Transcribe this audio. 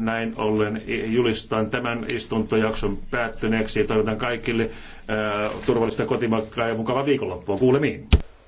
Näin ollen julistan tämän istuntojakson päättyneeksi ja toivotan kaikille ää, turvallista kotimatkaa ja mukavaa viikonloppua. Kuulemiin.